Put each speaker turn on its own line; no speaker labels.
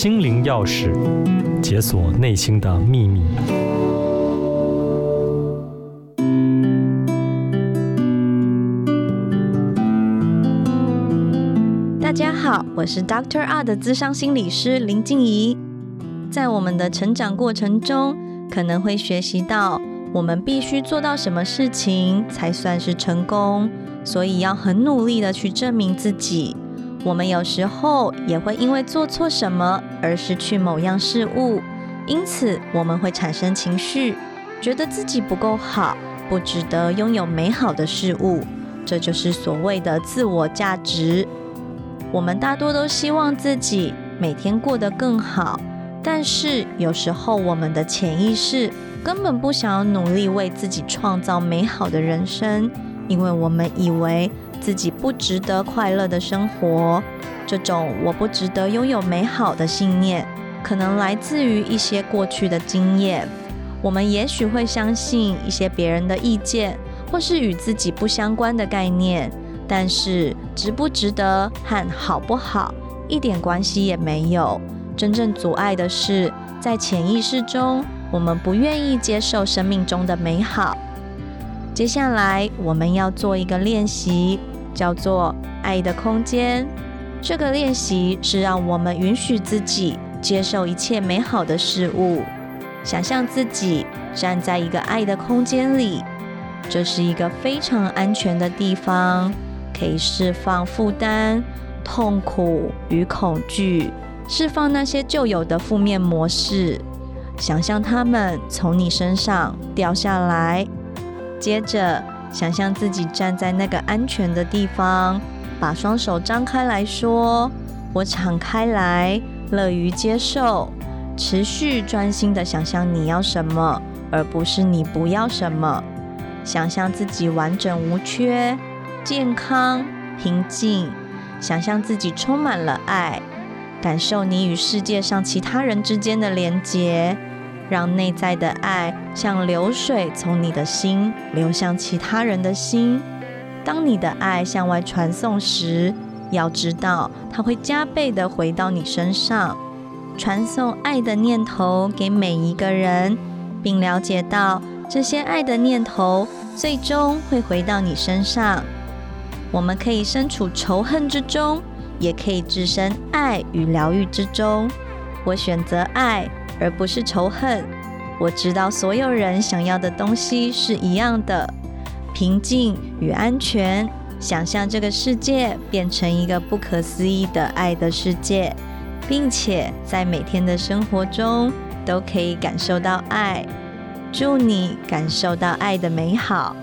心靈鑰匙，解鎖內心的秘密。大家好，我是 Doctor R 的諮商心理師林靜怡。在我們的成長過程中，可能會學習到我們必須做到什麼事情才算是成功，所以要很努力的去證明自己。我們有時候也會因為做錯什麼而失去某樣事物，因此我們會產生情緒，覺得自己不夠好，不值得擁有美好的事物。這就是所謂的自我價值。我們大多都希望自己每天過得更好，但是有時候我們的潛意識根本不想要努力為自己創造美好的人生，因為我們以為，自己不值得快樂的生活，這種我不值得擁有美好的信念，可能來自於一些過去的經驗。我們也許會相信一些別人的意見，或是與自己不相關的概念，但是值不值得和好不好，一點關係也沒有。真正阻礙的是，在潛意識中，我們不願意接受生命中的美好。接下來，我們要做一個練習。叫做“愛的空間”這個練習是讓我們允許自己接受一切美好的事物。想象自己站在一個愛的空間裡，這是一個非常安全的地方，可以釋放負擔、痛苦與恐懼，釋放那些舊有的負面模式。想象它們從你身上掉下來，接着。想象自己站在那個安全的地方，把雙手張開來說：“我敞開來，樂於接受。”持續專心地想象你要什麼，而不是你不要什麼。想象自己完整無缺、健康、平靜。想象自己充滿了愛，感受你與世界上其他人之間的連接。讓內在的愛像流水，從你的心流向其他人的心。當你的愛向外傳送時，要知道它會加倍地回到你身上。傳送愛的念頭給每一個人，並了解到這些愛的念頭最終會回到你身上。我們可以身處仇恨之中，也可以置身愛與療癒之中。我選擇愛。而不是仇恨。我知道所有人想要的東西是一樣的，平靜與安全。想象這個世界變成一個不可思議的愛的世界，並且在每天的生活中都可以感受到愛。祝你感受到愛的美好。